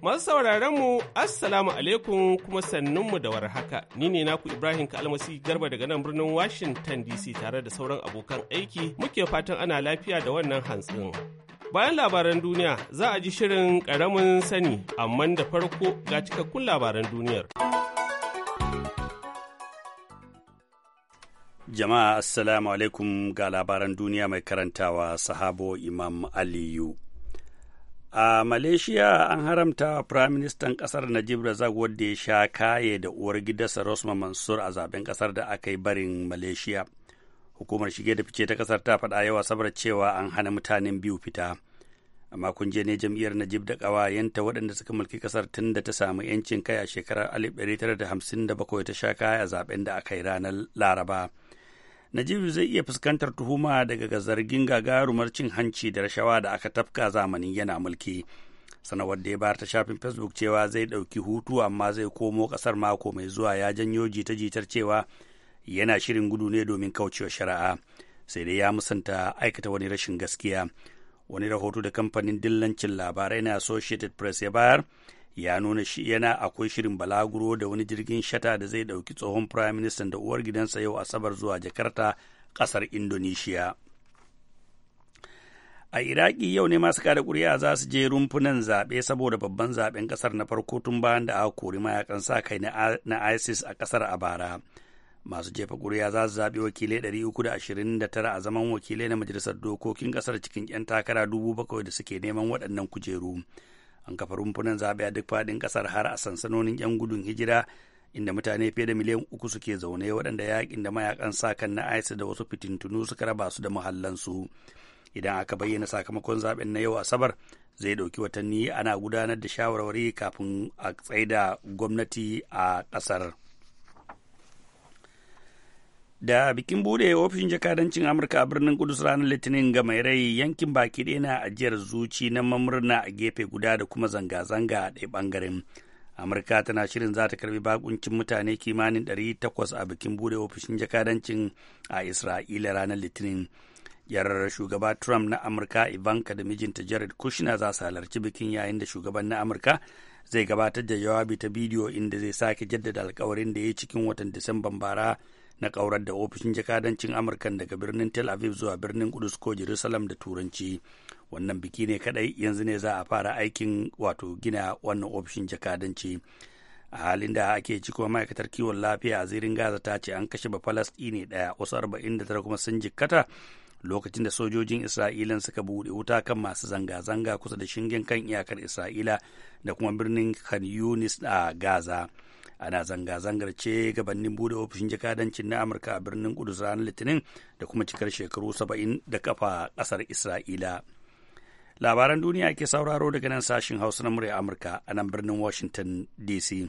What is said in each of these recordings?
Masu sauraron mu Assalamu alaikum kuma mu da warhaka. Ni ne naku Ibrahim Kalmasi Garba daga nan birnin Washington DC tare da sauran abokan aiki muke fatan ana lafiya da wannan hantsin. Bayan labaran duniya za a ji shirin karamin sani amma da farko ga cikakkun labaran duniyar. Jama'a Assalamu alaikum ga labaran duniya mai karantawa sahabo Imam Aliyu. a malaysia an haramta firaministan kasar najib razak wadda ya sha kaye da uwar gidansa rosma mansur a zaben kasar da aka yi barin malaysia hukumar shige da fice ta kasar ta faɗa yawa sabar cewa an hana mutanen biyu fita a makon jiya ne jam'iyyar najib da ƙawayenta waɗanda suka mulki kasar tun da ta samu 'yancin kai a shekarar 1957 ta sha kaya a zaben da aka yi ranar laraba najibu zai iya fuskantar tuhuma daga zargin gagarumar cin hanci da rashawa da aka tafka zamanin yana mulki sanawar da ya bayar ta shafin facebook cewa zai ɗauki hutu amma zai komo ƙasar mako mai zuwa ya janyo jita-jitar cewa yana shirin gudu ne domin kaucewa shari'a sai dai ya musanta aikata wani rashin gaskiya wani rahoto da kamfanin dillancin labarai na associated press ya bayar ya nuna shi yana akwai shirin balaguro da wani jirgin shata da zai ɗauki tsohon prime minister da uwar gidansa yau asabar zuwa jakarta ƙasar indonesia a iraki yau ne masu kada kuri'a za su je rumfunan zaɓe saboda babban zaɓen ƙasar na farko tun bayan da aka kori mayakan sa kai na isis a ƙasar a bara masu jefa kuri'a za su zaɓi wakilai 329 a zaman wakilai na majalisar dokokin ƙasar cikin 'yan takara dubu 7,000 da suke neman waɗannan kujeru. an kafa rumfunan zaɓe a duk faɗin ƙasar har a sansanonin 'yan gudun hijira inda mutane fiye da miliyan uku suke zaune waɗanda yaƙin da mayakan sa kan na ISIS da wasu fitintunu suka raba su da muhallansu. Idan aka bayyana sakamakon zaɓen na yau Asabar zai ɗauki watanni ana gudanar da shawarwari kafin a tsaida gwamnati a ƙasar. da bikin bude ofishin jakadancin amurka a birnin kudus ranar litinin ga mai rai yankin baki ɗaya na ajiyar zuci na mamurna a gefe guda da kuma zanga-zanga a ɗaya ɓangaren amurka tana shirin za ta karbi bakuncin mutane kimanin 800 a bikin bude ofishin jakadancin a isra'ila ranar litinin yarar shugaba trump na amurka ivanka da mijinta jared kushner za su halarci bikin yayin da shugaban na amurka zai gabatar da jawabi ta bidiyo inda zai sake jaddada alkawarin da ya yi cikin watan disamban bara na kaurar da ofishin jakadancin Amurka daga birnin tel aviv zuwa birnin kudus ko jerusalem da turanci wannan biki ne kadai yanzu ne za a fara aikin wato gina wannan ofishin jakadanci a halin da ake ci kuma ma'aikatar kiwon lafiya a zirin gaza ta ce an kashe ne daya wasu arba'in da tara kuma sun jikkata lokacin da sojojin Isra'ilan suka buɗe wuta kan masu zanga-zanga kusa da shingen kan iyakar isra'ila da kuma birnin khan yunis a gaza ana zanga-zangar ce gabanin bude ofishin jakadancin na amurka a birnin kudus ranar litinin da kuma cikar shekaru saba'in da kafa ƙasar isra'ila labaran duniya ke sauraro daga nan sashin hausa na murya amurka a nan birnin washington dc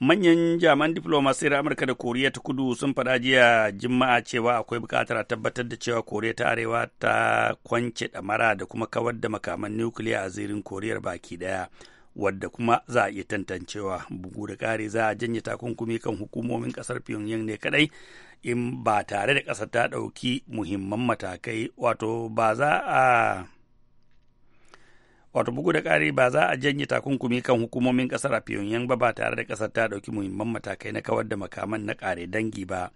manyan jami'an diflomasiyyar amurka da koriya ta kudu sun faɗa jiya juma'a cewa akwai buƙatar a tabbatar da cewa koriya ta arewa ta kwance ɗamara da kuma kawar da makaman nukiliya a zirin koriyar baki ɗaya wadda kuma za a iya tantancewa bugu da ƙari za a janye takunkumi kan hukumomin ƙasar pyongyang ne kadai in ba tare da ƙasar ta ɗauki muhimman matakai wato ba za a wato bugu da ƙari ba za a janye takunkumi kan hukumomin ƙasar a pyongyang ba ba tare da ƙasar ta ɗauki muhimman matakai na kawar da makaman na ƙare dangi ba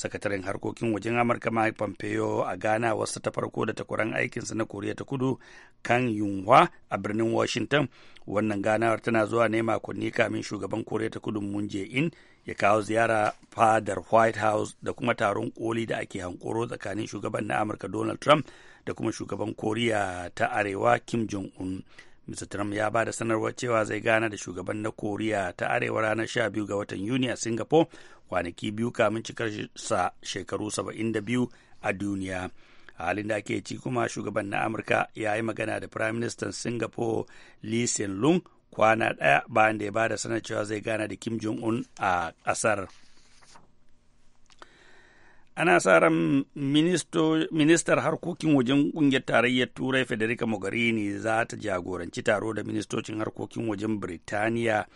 sakataren harkokin wajen amurka mike pompeo a ghana wasu ta farko da takwaran aikinsa na koriya ta kudu kan yunwa a birnin washington wannan ganawar tana zuwa ne makonni kamin shugaban koriya ta kudu mun in ya kawo ziyara fadar white house da kuma taron koli da ake hankoro tsakanin shugaban na amurka donald trump da kuma shugaban koriya ta arewa kim jong un Mr. Trump ya ba da sanarwar cewa zai gana da shugaban na Koriya ta Arewa ranar 12 ga watan Yuni a Singapore kwanaki biyu kamun cikar sa shekaru 72 a duniya halin da ake ci kuma shugaban na amurka ya yi magana da prime minister singapore lee sin lung kwana ɗaya bayan da ya da sanar cewa zai gana da kim jong un a ƙasar ana sa ran ministar harkokin wajen kungiyar tarayyar turai federica mogherini za ta jagoranci taro da ministocin harkokin wajen birtaniya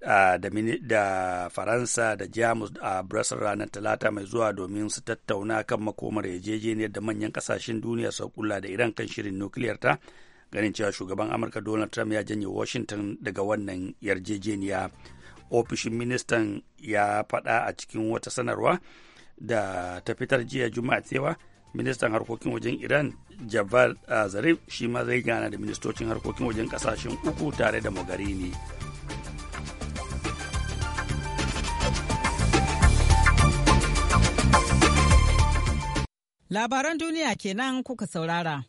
da faransa da jamus a brussels ranar talata mai zuwa domin su tattauna kan makomar yarjejeniyar da manyan kasashen duniya su kula da iran kan shirin nukiliyar ta ganin cewa shugaban amurka donald trump ya janye washington daga wannan yarjejeniya ofishin ministan ya faɗa a cikin wata sanarwa da ta fitar jiya juma'a cewa ministan harkokin wajen iran javad zarif shi ma zai gana da ministocin harkokin wajen kasashen uku tare da mogherini Labaran duniya kenan kuka saurara.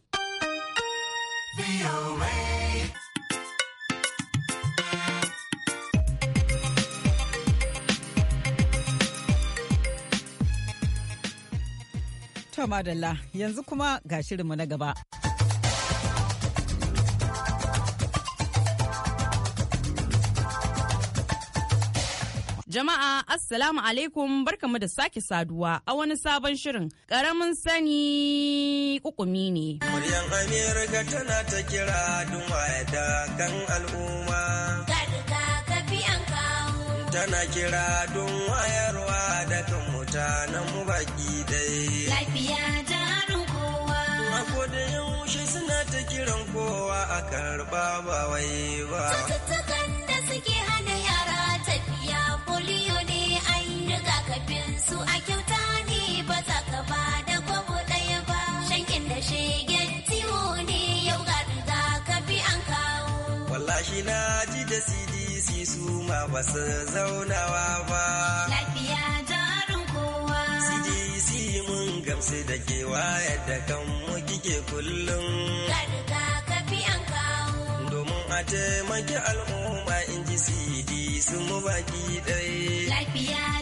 Tama yanzu kuma ga shirinmu na gaba. Jama'a Assalamu alaikum barkamu da sake saduwa a wani sabon shirin karamin sani kukumi ne. Muryan Amerika tana ta kira duwaye da kan al'umma. ka Tana kira don wayarwa da kan mutanen baki dai. Lafiya jarin kowa. A koda yaushe suna ta kiran kowa a karba ba wai ba. Cututtukan da suke tallafin a kyauta ne ba za ka ba da kwabo ɗaya ba. Shankin da shegen ne yau ga riga ka an kawo. na ji da CDC su ba su zaunawa ba. Lafiya jarin kowa. CDC mun gamsu da kewa yadda kan mu kike kullum. Ga riga ka fi an kawo. Domin a taimaki al'umma in ji C.D.C mu baki ɗaya. Lafiya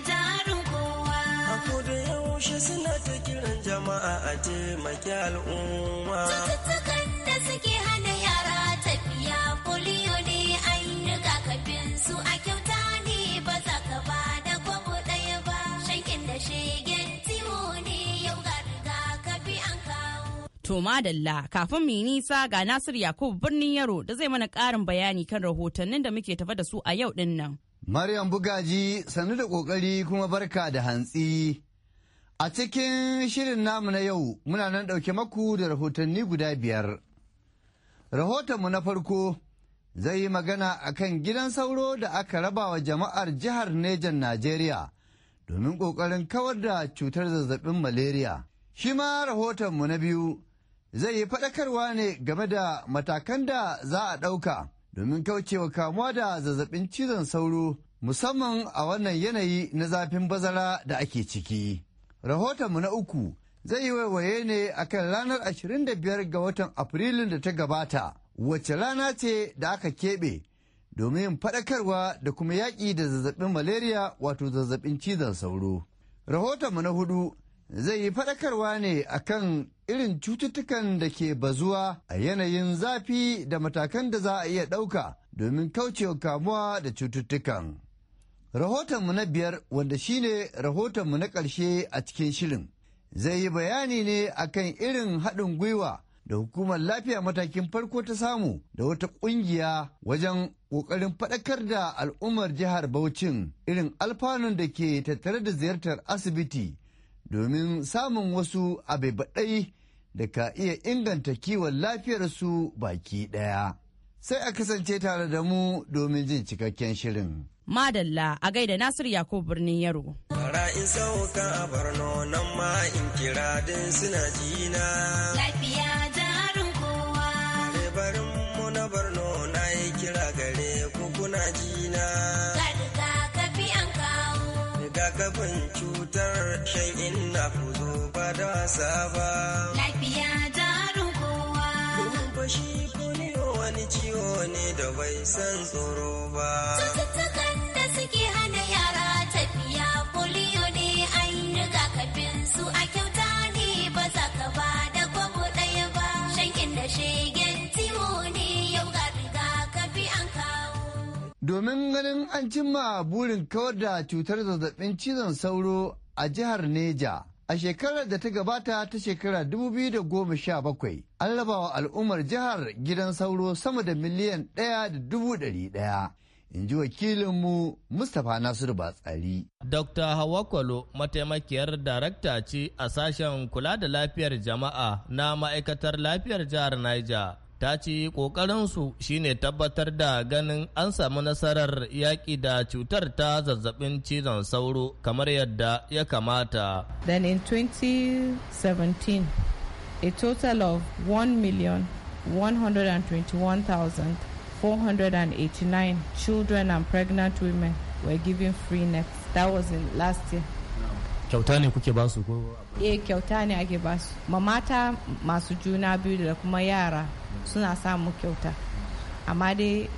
yaushe suna ta kiran jama'a a taimaki al'umma. Cututtukan da suke hana yara tafiya Foliyo ne an kafin su a kyauta ne ba za ka ba da kwabo ɗaya ba. Shakin da shegen timo ne yau ga rigakafi an kawo. To madalla kafin mu nisa ga Nasir Yakubu birnin Yaro da zai mana ƙarin bayani kan rahotannin da muke tafa da su a yau ɗin nan. Maryam Bugaji sannu da ƙoƙari kuma barka da hantsi. A cikin shirin namu na yau muna nan ɗauke maku da rahotanni guda biyar. Rahotonmu na farko zai yi magana a kan gidan sauro da aka raba wa jama'ar jihar Nejan Najeriya domin ƙoƙarin kawar da cutar zazzabin malaria. Shi ma rahotonmu na biyu zai yi faɗakarwa ne game da matakan da za a ɗauka domin kaucewa kamuwa da zazzabin cizon sauro musamman a wannan yanayi na zafin bazara da ake ciki. Rahotonmu na uku zai yi waiwaye ne a kan ranar 25 ga watan Afrilun da ta gabata, wacce rana ce da aka keɓe domin faɗakarwa da kuma yaƙi da zazzabin malaria wato zazzabin cizon sauro. Rahotonmu na hudu zai yi faɗakarwa ne a kan irin cututtukan da ke bazuwa a yanayin zafi da matakan da za a iya ɗauka domin kaucewa kamuwa da cututtukan. Rahotonmu na biyar wanda shine rahotonmu na ƙarshe a cikin shirin zai yi bayani ne akan irin haɗin gwiwa da hukumar lafiya matakin farko ta samu da wata ƙungiya wajen ƙoƙarin faɗakar da al'ummar jihar Bauchin irin alfanun da ke tattare da ziyartar asibiti domin samun wasu abai da ka iya inganta kiwon lafiyarsu baki ɗaya. sai a kasance tare da mu domin jin cikakken shirin. Madalla a gaida Nasiru Yakubu birnin Yaro. Bara in sauka a Borno nan ma in kira din suna jina. Lafiya jarin kowa. Barin mu na barno na yi kira gare ku kuna jina. kafi an kawo. Rigakafin cutar shan inna ku zo ba da wasa ba. Lafiya jarin kowa. Kun fashi ku wani ciwo ne da bai san tsoro ba. Cututtukan da suke hana yara tafiya polio ne an rigakafin su a kyauta ne ba za ka ba da kwabo ɗaya ba. Shankin da shegen ciwo ne yau ga rigakafi an kawo. Domin ganin an cimma burin kawar da cutar zazzabin cizon sauro a jihar Neja. A shekarar da ta gabata ta shekara 2017 an raba wa al'ummar jihar gidan sauro sama da miliyan ɗaya da dubu ɗari ɗaya. in ji wakilinmu Mustapha Nasiru Batsari. Dr. Hawa Kwalo mataimakiyar darakta ce a sashen kula da lafiyar jama'a na ma'aikatar lafiyar jihar Niger. ta ce ƙoƙarinsu shine tabbatar da ganin an samu nasarar yaƙi da cutar ta zazzabin cizon sauro kamar yadda ya kamata. Then in 2017, a total of 1,121,489 children and pregnant women were given free nets. That was in last year. kyauta ne kuke basu ko eh kyauta ne ake basu mamata masu juna biyu da kuma yara suna samu kyauta amma dai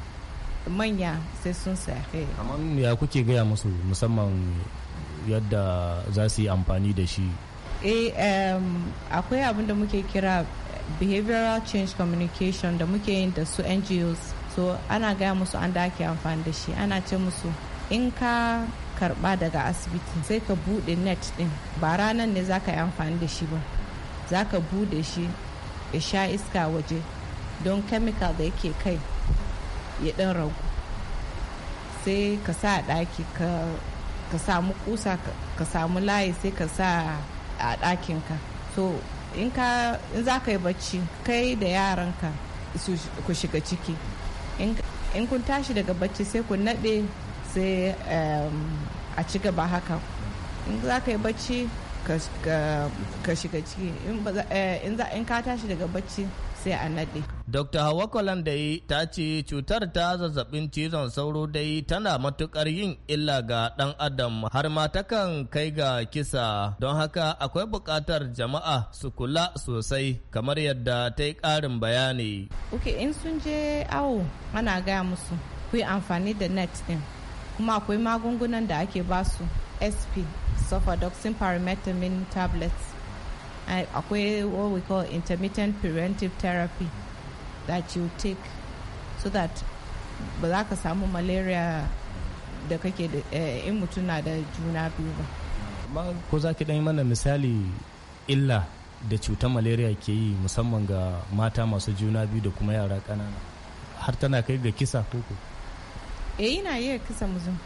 manya sai sun saya eh. amma ya kuke gaya musu musamman yadda za su yi amfani da shi eh akwai abin da muke kira behavioral change communication da muke yin da su ngos so ana gaya musu an da ake amfani da shi ana ce musu in ka karba daga asibiti sai ka bude net din ba ranar ne za ka yi amfani da shi ba za ka bude shi ya sha iska waje don chemical da yake kai ya dan ragu sai ka sa a ɗaki ka samu kusa ka samu layi sai ka sa a ɗakinka so in ka in za ka yi bacci kai da yaranka ku shiga ciki in kun tashi daga bacci sai ku naɗe sai a ci gaba haka in za ka yi bacci ka shiga ciki eh, in ka tashi daga bacci sai a naɗe. Dr. Hawa Kwalandai ta ce cutar ta zazzabin cizon sauro dai tana matukar yin illa ga ɗan adam har ma takan kai ga kisa don haka akwai buƙatar jama'a su kula sosai kamar yadda ta yi ƙarin bayani. Ok in sun je awo ana gaya musu ku yi amfani da net ɗin kuma akwai magungunan da ake basu sp sulfadoxin pyrimethamine tablets akwai what we call intermittent preventive therapy that you take so that ba za ka samu malaria da kake da eh, in mutum na da juna biyu ba ko za ki ɗan mana misali illa da cutar malaria ke yi musamman ga mata masu juna biyu da kuma yara ƙanana har tana kai ga kisa koko e eh, ina iya kisa mutum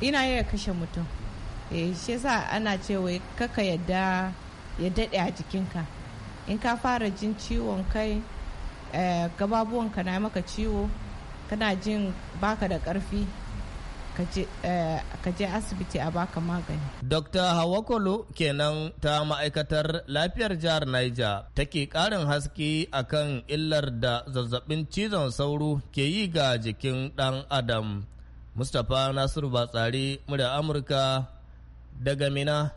ina iya kashe mutum e shi yasa ana cewa kaka yadda ya daɗe a jikinka in ka fara jin ciwon kai eh, gababuwanka na maka ciwo kana jin baka da ƙarfi ka je eh, asibiti a baka magani. Dr. Hawakolo kenan ta ma'aikatar lafiyar jihar Niger take ƙarin haske akan illar da zazzabin cizon sauro ke yi ga jikin ɗan Adam. Mustapha Nasiru Batsari, murya Amurka daga Mina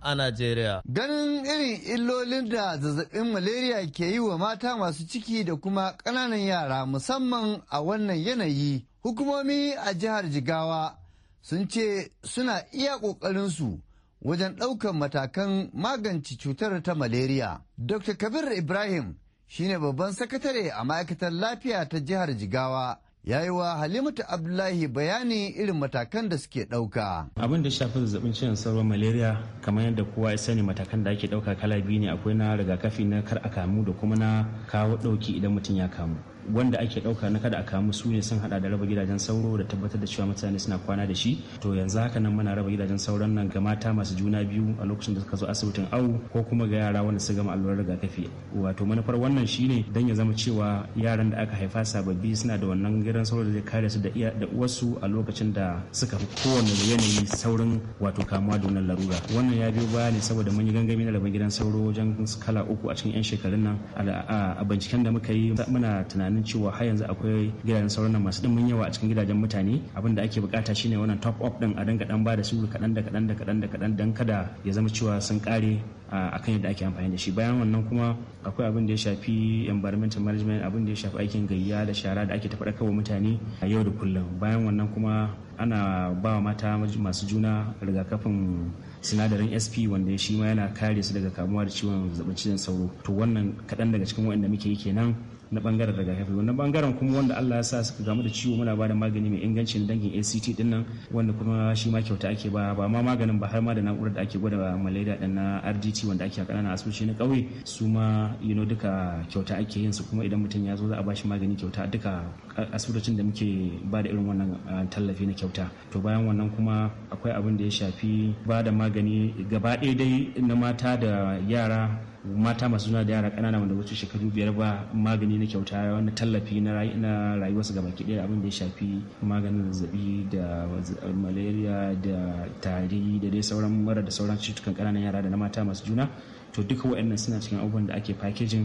a Najeriya. Ganin irin illolin da zazzabin malaria ke yi wa mata masu ciki da kuma ƙananan yara musamman a wannan yanayi, hukumomi a jihar Jigawa sun ce suna iya ƙoƙarinsu wajen ɗaukar matakan magance cutar ta malaria. Dr. Kabir Ibrahim shine babban sakatare a ma'aikatar lafiya ta jihar Jigawa. ya yi wa halimatu abdullahi bayani irin matakan da suke ɗauka. abin da shafi zazzabin ciwon sauro malaria kamar yadda kowa ya sani matakan da ake ɗauka kala biyu ne akwai na rigakafi na kar a kamu da kuma na kawo ɗauki idan mutum ya kamu wanda ake ɗauka na kada a kamu su ne sun hada da raba gidajen sauro da tabbatar da cewa mutane suna kwana da shi to yanzu haka nan muna raba gidajen sauron nan ga mata masu juna biyu a lokacin da suka zo asibitin awu ko kuma ga yara wanda su gama allurar rigakafi wato manufar wannan shine dan ya zama cewa yaran da aka haifa sababbi suna da wannan gidan sauro da zai kare su da iya da uwarsu a lokacin da suka fi kowanne yanayi saurin wato kamuwa da wannan larura wannan ya biyo baya ne saboda mun yi gangami na raba gidan sauro wajen kala uku a cikin 'yan shekarun nan a binciken da muka yi muna tunanin ganin cewa har yanzu akwai gidajen sauran nan masu dimin yawa a cikin gidajen mutane abin da ake bukata shine wannan top up din a dinga dan ba da su kadan da kadan da kadan da kadan dan kada ya zama cewa sun kare a kan yadda ake amfani da shi bayan wannan kuma akwai abin da ya shafi environment management abin da ya shafi aikin gayya da shara da ake ta kawo mutane a yau da kullum bayan wannan kuma ana ba mata masu juna rigakafin sinadarin sp wanda shi ma yana kare su daga kamuwa da ciwon zazzabin cizon sauro to wannan kaɗan daga cikin waɗanda muke yi kenan na bangaren rigakafi wannan bangaren kuma wanda Allah ya sa suka gamu da ciwo muna bada magani mai ingancin dangin ACT din nan wanda kuma shi ma kyauta ake ba ba ma maganin ba har ma da na'urar da ake gwada malaria din na RDT wanda ake kanana ƙananan na ƙauye su ma you duka kyauta ake yin su kuma idan mutum ya zo za a bashi magani kyauta duka asibitocin da muke ba da irin wannan tallafi na kyauta to bayan wannan kuma akwai abin da ya shafi ba da magani gaba ɗaya dai na mata da yara mata masu zuna da yara ƙanana wanda wuce shekaru biyar ba magani na kyauta wani tallafi na rayuwarsu gaba baki ɗaya abin da ya shafi maganin zazzabi da malaria da tari da dai sauran mara da sauran cututtukan ƙananan yara da na mata masu juna to duka waɗannan suna cikin abubuwan da ake fakejin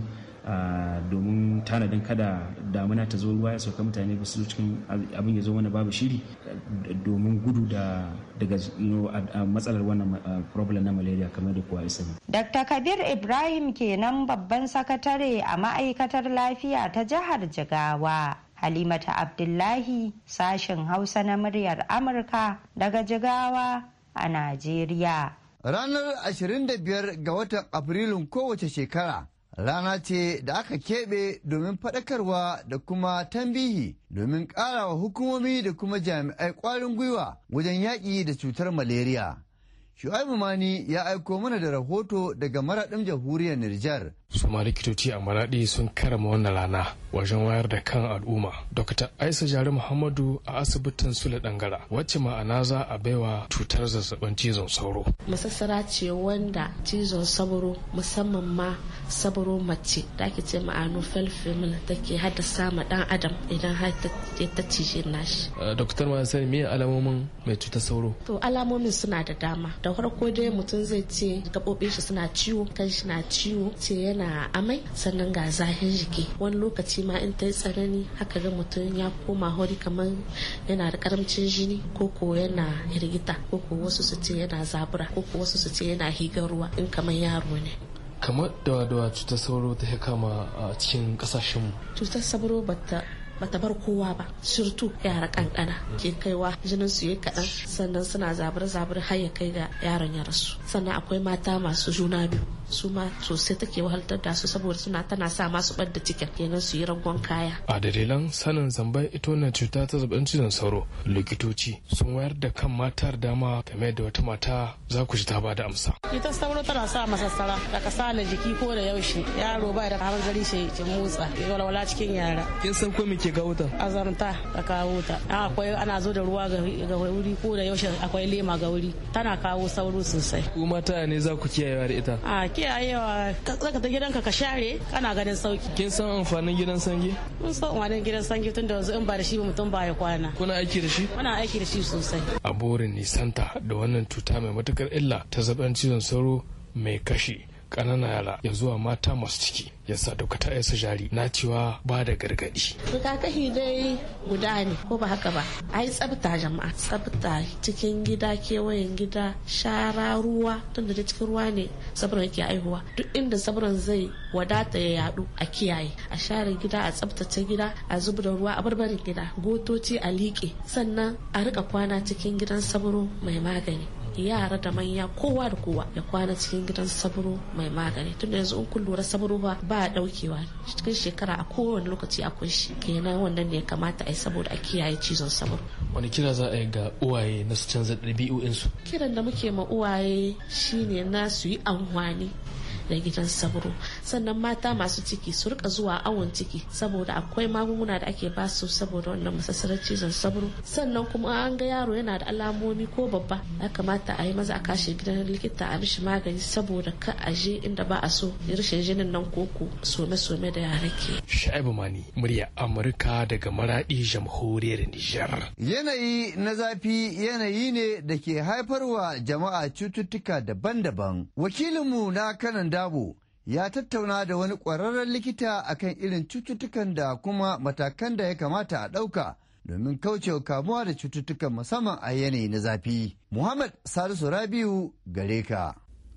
domin tanadin kada damuna ta zo ruwa ya sauka mutane ba su cikin abin ya zo wani babu shiri domin gudu da daga matsalar wannan problem na malaria kamar da kuwa ya Dr. Kabir Ibrahim kenan babban sakatare a ma'aikatar lafiya ta jihar Jigawa. Halimata Abdullahi sashen Hausa na muryar Amurka daga Jigawa a Najeriya. Ranar 25 ga watan Afrilun kowace shekara rana ce da aka keɓe domin faɗakarwa da kuma tambihi domin ƙarawa hukumomi da kuma jami'ai ƙwarin gwiwa wajen yaƙi da cutar malaria. Shu'aibu Mani ya aiko mana da rahoto daga maraɗin jamhuriyar Nijar su ma likitoci a maraɗi sun karama wannan rana wajen wayar da kan al'umma dr aisa jari muhammadu a asibitin sule dangara wacce ma'ana za a baiwa cutar zazzabin cizon sauro masassara ce wanda cizon sauro musamman ma sauro mace da ake ce ma'anu felfemil ke haddasa ma dan adam idan har ta cije nashi dr ma sani me alamomin mai cutar sauro to alamomin suna da dama da farko dai mutum zai ce gaɓoɓin shi suna ciwo kan shi na ciwo ce yana tana amai sannan ga zahin jiki wani lokaci ma in ta yi tsanani haka ga mutum ya koma hori kamar yana da karamcin jini ko ko yana hirgita ko ko wasu su ce yana zabura ko ko wasu su ce yana higar ruwa in kamar yaro ne kamar dawa dawa cutar sauro ta kama a cikin mu cutar sauro bata bata bar kowa ba surtu yara kankana ke kaiwa jinin su yi kaɗan sannan suna zabar zabar har ya kai ga yaron ya rasu sannan akwai mata masu juna biyu su ma sosai take wahaltar da su saboda suna tana sa masu da cikin kenan su yi rangon kaya. A dalilan sanin zamba ito na cuta ta zaɓen cizon sauro likitoci sun wayar da kan matar dama game da wata mata za ku ji ta ba da amsa. Ita sauro tana sa masassara da kasala jiki ko da yaushe yaro ba da gari shi ya motsa ya walwala cikin yara. Kin san ko me ke kawo ta? Azamta ta kawo ta. Akwai ana zo da ruwa ga wuri ko da yaushe akwai lema ga wuri tana kawo sauro sosai. Ku mata ne za ku kiyayewa da ita? kiyayewa zaka ta gidanka ka share kana ganin sauki kin san amfanin gidan sange mun san amfanin gidan sange tun da yanzu in ba da shi mutum ba ya kwana kuna aiki da shi muna aiki da shi sosai a borin nisanta da wannan cuta mai matukar illa ta zaben cizon sauro mai kashi kanana yara ya zuwa mata masu ciki ya sa daukata ya su jari na cewa ba da gargaɗi. rigakafi dai guda ne ko ba haka ba a yi tsabta jama'a tsabta cikin gida kewayen gida shara ruwa tun da cikin ruwa ne sabron ke aihuwa duk inda sabron zai wadata ya yadu a kiyaye a share gida a tsabtace gida a zuba da ruwa a barbarin gida gotoci a liƙe sannan a rika kwana cikin gidan sabro mai magani yara da manya kowa da kowa ya kwana cikin gidan saburo mai magani tunda yanzu in kun lura saburo ba ba daukewa cikin shekara a kowane lokaci a kunshi kenan wannan ne ya kamata a yi saboda a kiyaye cizon saburo wani kira za a yi ga uwaye na su canza ɗabi'o'insu kiran da muke ma uwaye shine na su yi amfani da gidan sabro sannan mata masu ciki su rika zuwa awon ciki saboda akwai magunguna da ake ba su saboda wannan masassarar cizon sabro sannan kuma an ga yaro yana da alamomi ko babba ya kamata a yi maza a kashe gidan likita a mishi magani saboda ka a je inda ba a so rashin jinin nan koko some-some da yara ke. Sha'ibu Mani murya Amurka daga Maradi jamhuriyar Nijar. Yanayi na zafi yanayi ne da ke haifarwa jama'a cututtuka daban-daban. Wakilinmu na Kanada Dabo ya tattauna da wani ƙwararren likita akan irin cututtukan da kuma matakan da ya kamata a ɗauka domin kaucewa kamuwa da cututtukan musamman a yanayi na zafi. Muhammad Salisu Rabiu gare ka.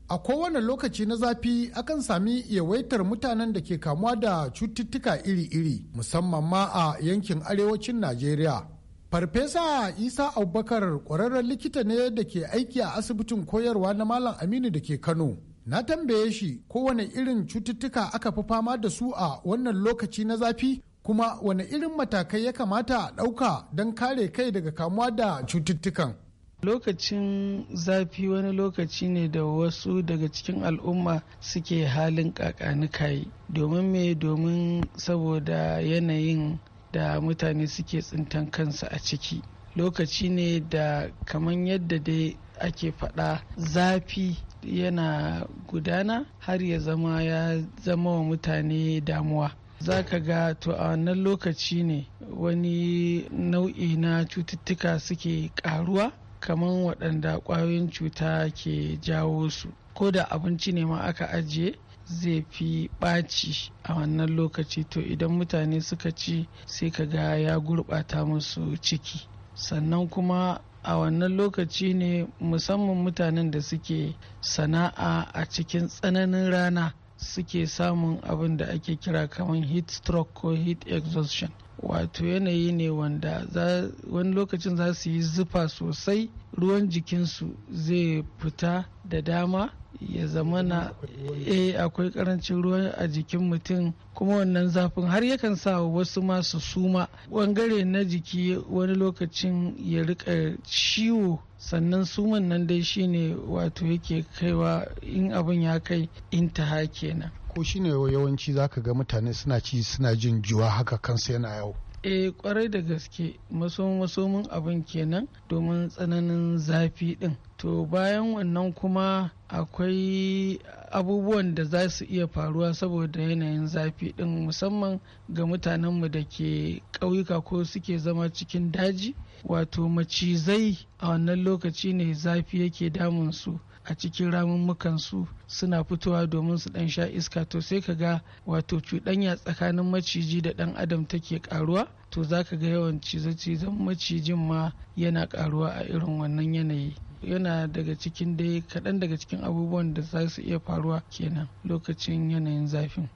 A kowane lokaci na zafi akan sami yawaitar mutanen da ke kamuwa da cututtuka iri-iri musamman ma a yankin arewacin Najeriya. Farfesa Isa Abubakar ƙwararren likita ne da ke aiki a asibitin koyarwa na Malam Aminu da ke Kano. Na tambaye shi kowane irin cututtuka aka fi fama da su a wannan lokaci na zafi kuma wane irin matakai ya kamata a ɗauka don kare kai daga kamuwa da cututtukan. Lokacin zafi wani lokaci ne da wasu daga cikin al'umma suke halin kakanikayi domin me domin saboda yanayin da mutane suke tsintan kansu a ciki. Lokaci ne da kamar yadda dai ake faɗa zafi yana gudana har ya zama ya zama wa mutane damuwa za ka ga to a wannan lokaci ne wani nau'i na cututtuka suke karuwa kamar waɗanda ƙwayoyin cuta ke jawo su ko da abinci ne ma aka ajiye zai fi ɓaci a wannan lokaci to idan mutane suka ci sai ka ga ya gurɓata musu ciki sannan kuma a wannan lokaci ne musamman mutanen da suke sana'a a cikin tsananin rana suke samun abin da ake kira kamar heat stroke ko heat exhaustion wato yanayi ne wanda wani lokacin za su yi zufa sosai ruwan jikinsu zai fita da dama ya zamana eh akwai karancin ruwa a jikin mutum kuma wannan zafin har yakan sa wasu masu suma ɓangare na jiki wani lokacin ya riƙa ciwo sannan suman nan dai shine wato yake kaiwa in abin ya kai intaha kenan ko shine yawanci zaka ga mutane suna ci suna jin juwa haka kansa yana yau eh kwarai da gaske maso masomin abin kenan domin tsananin zafi din to bayan wannan kuma akwai abubuwan da za su iya faruwa saboda yanayin zafi ɗin musamman ga mutanenmu da ke ƙauyuka ko suke zama cikin daji wato macizai a wannan lokaci ne zafi yake damun su a cikin ramin su suna fitowa domin su dan sha iska to sai ka ga wato cuɗanya tsakanin maciji da ɗan adam take ƙaruwa to za ka ga yawan cize-cizen macijin ma yana ƙaruwa a irin wannan yanayi yana daga cikin dai kaɗan daga cikin abubuwan da za su iya faruwa kenan lokacin yanayin zafin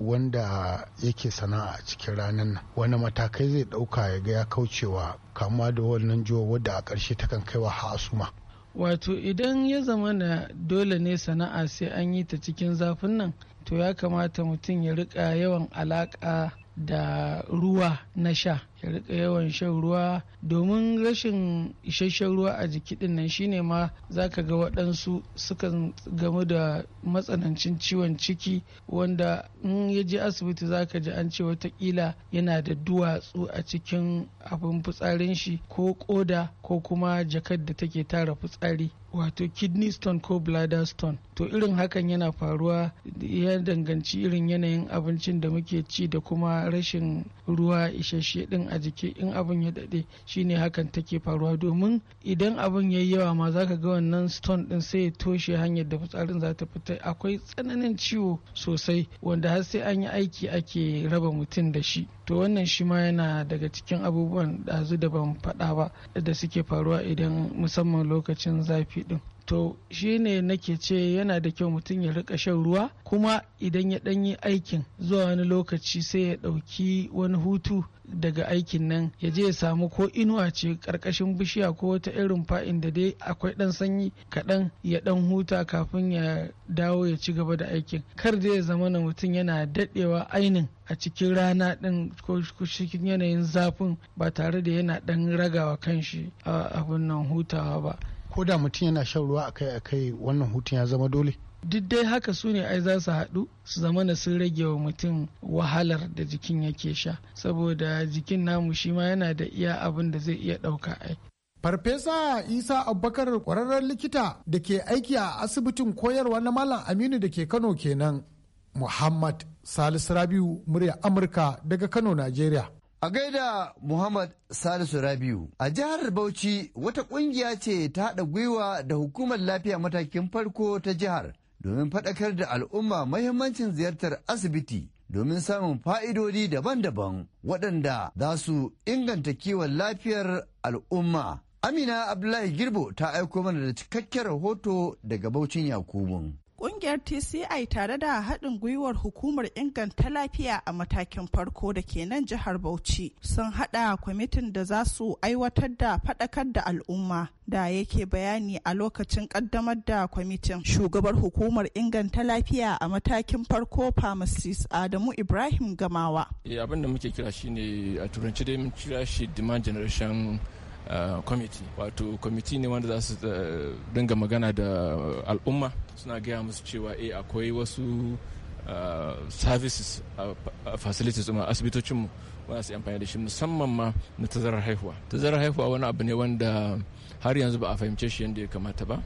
wanda yake sana'a a cikin ranar nan wani matakai zai ɗauka ya ga ya kaucewa kama da wannan jiwo wadda a ƙarshe ta kan kaiwa asuma wato idan ya zama na dole ne sana'a sai an yi ta cikin zafin nan to ya kamata mutum ya riƙa yawan alaƙa da ruwa na sha ya rika yawan shan ruwa domin rashin isasshen ruwa a jiki din nan shine ma zaka ga waɗansu sukan gamu da matsanancin ciwon ciki wanda in ya je asibiti zaka ji an ce watakila yana da duwatsu a cikin abin fitsarin shi ko koda ko kuma jakar da take tara fitsari wato kidney stone ko bladder stone to irin hakan yana faruwa ya danganci irin yanayin abincin da muke ci da kuma rashin ruwa isasshe din a jiki in abin ya daɗe shine hakan take faruwa domin idan abin ya yi yawa ma za ka ga wannan stone din sai ya toshe hanyar da fitsarin za ta fita akwai tsananin ciwo sosai wanda har sai an yi aiki ake raba mutum da shi to wannan shi ma yana daga cikin abubuwan ɗazu da ban faɗa ba da suke faruwa idan musamman lokacin zafi din to shi ne nake ce yana da kyau mutum ya rika shan ruwa kuma idan ya yi aikin zuwa wani lokaci sai ya ɗauki wani hutu daga aikin nan ya je ya samu ko inuwa ce karkashin bishiya ko wata irin fa'in da dai akwai ɗan sanyi kaɗan ya ɗan huta kafin ya dawo ya ci gaba da aikin kar dai ya zama na mutum yana daɗewa ainin a cikin rana ɗin ko cikin yanayin zafin ba tare da yana ɗan ragawa kanshi a abin nan hutawa ba ko da mutum yana shan ruwa akai-akai wannan hutun ya zama dole duk dai haka su ne ai za su haɗu su zama na sun rage wa mutum wahalar da jikin yake sha saboda jikin namu shi ma yana da iya abin da zai iya ɗauka ai Farfesa Isa Abubakar ƙwararren likita da ke aiki a asibitin koyarwa na Malam Aminu da ke Kano kenan. Muhammad Salisu Rabiu murya Amurka daga Kano, Najeriya. A gaida Muhammad Salisu Rabiu, a jihar Bauchi wata ƙungiya ce ta haɗa gwiwa da hukumar lafiya matakin farko ta jihar domin faɗakar da al'umma mahimmancin ziyartar asibiti domin samun fa'idodi daban-daban waɗanda za su inganta kiwon lafiyar al'umma. Amina Abdullahi Girbo ta aiko mana da cikakken rahoto daga Bauchin Yakubun. kungiyar TCI tare da haɗin gwiwar hukumar inganta lafiya a matakin farko da ke nan jihar Bauchi sun haɗa kwamitin da za su aiwatar da faɗakar da al'umma da yake bayani a lokacin ƙaddamar da kwamitin. Shugabar hukumar inganta lafiya a matakin farko pharmacist Adamu Ibrahim Gamawa. Eh, abin da muke kira shine a turanci dai mun kira shi demand generation kwamiti uh, wato kwamiti ne wanda za su uh, dinga magana da al'umma suna gaya musu cewa e akwai wasu uh, services facilities a asibitocinmu wanda su amfani da shi musamman ma na tazarar haihuwa tazarar haihuwa wani abu ne wanda har yanzu ba a fahimce shi yadda ya kamata ba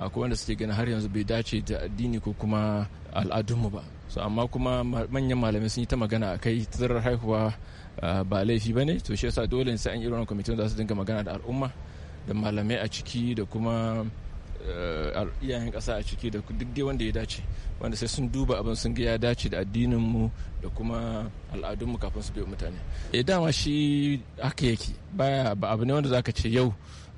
akwai wanda suke gani har yanzu bai dace da addini ko kuma al'adunmu ba so amma kuma manyan malamai sun yi ta magana a kai tazarar haihuwa Ah, ba laifi ba ne to shi yasa dole sai an yi kwamitin za su dinga magana da al'umma da malamai a ciki da kuma eh, iyayen ƙasa a ciki da duk dai wanda ya dace wanda sai sun duba abin sun ga ya dace da addininmu da kuma al'adunmu kafin su bi mutane ya eh, dama shi haka yake baya ba abu ne wanda zaka ce yau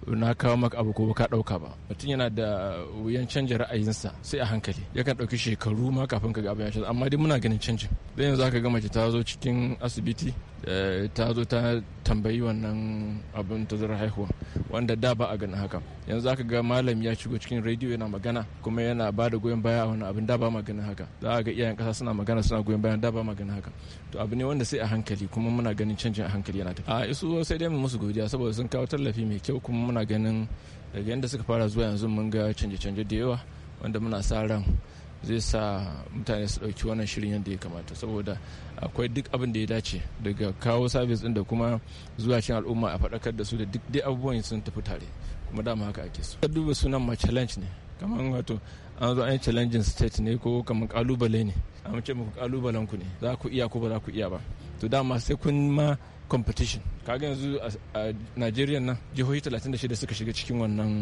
na kawo maka abu ko ka ɗauka ba mutum yana da wuyan canja ra'ayinsa sai a hankali yakan ɗauki shekaru ma kafin ka ga abin ya amma dai muna ganin canjin zai yanzu zaka ga mace ta zo cikin asibiti Eh, ta zo ta tambayi wannan abin tazarar haihuwa wanda da ba a ganin haka yanzu aka ga malam ya shigo cikin rediyo yana magana kuma yana ba da goyon baya a wani abin da ba ma ganin haka za a ga iyayen kasa suna magana suna goyon baya da ba ma ganin haka to abu ne wanda sai a hankali kuma muna ganin canjin a hankali yana tafiya. a isu sai dai mu musu godiya saboda sun kawo tallafi mai kyau kuma muna ganin daga yadda suka fara zuwa yanzu mun ga canje-canje da yawa wanda muna sa ran zai sa mutane su ɗauki wannan shirin yadda ya kamata saboda akwai duk abin da ya dace daga kawo sabis ɗin da kuma zuwa cikin al'umma a faɗakar da su da duk dai abubuwan sun tafi tare kuma dama haka ake so duba sunan ma challenge ne kamar wato an zo an yi challenging state ne ko kamar kalubale ne a mace muku kalubalen ku ne za ku iya ko ba za ku iya ba to dama sai kun ma competition kaga yanzu a nigeria nan jihohi 36 suka shiga cikin wannan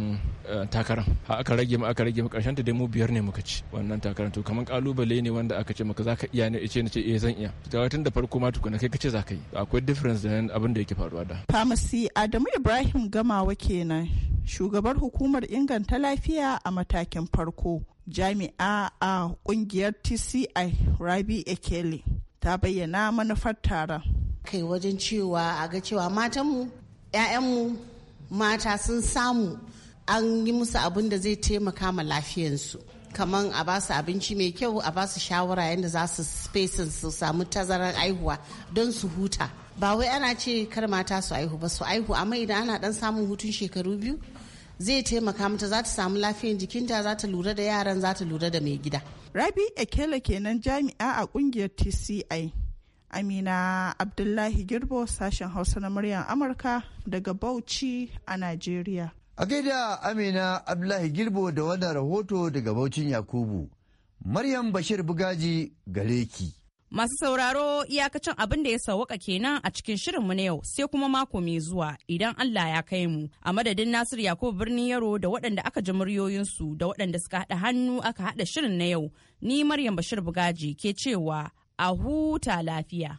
eh, takaran ha aka rage mu aka rage mu karshen ta dai mu biyar ne muka ci wannan takaran to kaman kalubale ne wanda aka ce maka zaka iya ne ice na ce eh zan iya to tun da farko ma tukuna kai kace zaka yi akwai difference da abin da yake faruwa da pharmacy Adamu Ibrahim Gamawa kenan shugabar hukumar inganta lafiya a matakin farko jami'a a kungiyar tci rabi ekele ta bayyana manufar taron kai wajen cewa a ga cewa matanmu 'ya'yanmu mata sun samu an yi musu abin da zai taimaka ma lafiyansu kamar a ba su abinci mai kyau a ba su shawara yadda za su space su samu tazarar aihuwa don su huta ba wai ana ce kar mata su aihu ba su aihu amma idan ana dan samun hutun shekaru biyu zai taimaka mata za ta samu lafiyan jikinta za ta lura da yaran za ta lura da mai gida rabi ekele kenan jami'a a kungiyar tci Amina Abdullahi Girbo sashen Hausa na muryar Amurka daga Bauchi a Najeriya. A gaida Amina Abdullahi Girbo da wannan rahoto daga Baucin Yakubu. Maryam Bashir Bugaji gare ki. Masu sauraro iyakacin abin da ya sawaka kenan a cikin shirin mu na yau sai kuma mako mai zuwa idan Allah ya kai mu. A madadin Nasiru Yakubu birnin Yaro da waɗanda aka ji muryoyinsu da waɗanda suka haɗa hannu aka haɗa shirin na yau. Ni Maryam Bashir Bugaji ke cewa a huta lafiya.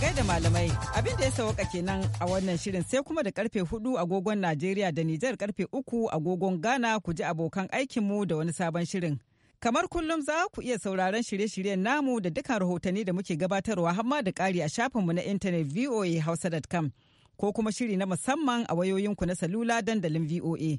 gaida malamai abin da ya sauka kenan a wannan shirin sai kuma da karfe 4 agogon Najeriya da Nijar karfe 3 agogon Ghana ku ji abokan aikinmu da wani sabon shirin. Kamar kullum za ku iya sauraron shirye-shiryen namu da dukkan rahotanni da muke gabatarwa hamma da ƙari a shafinmu na intanet voahausa.com ko kuma shiri na musamman a wayoyinku na salula dandalin VOA.